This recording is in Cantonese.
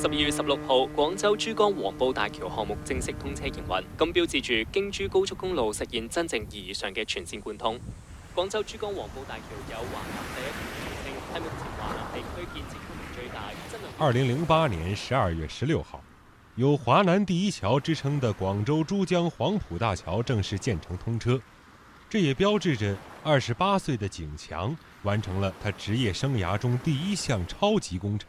十二月十六號，廣州珠江黃埔大橋項目正式通車營運，咁標誌住京珠高速公路實現真正意義上嘅全線貫通。廣州珠江黃埔大橋有華南第一橋之稱，係目前華南地區建設規模最大。二零零八年十二月十六號，有華南第一橋之稱嘅廣州珠江黃埔大橋正式建成通車，這也標誌着二十八歲的景強完成了他職業生涯中第一項超級工程。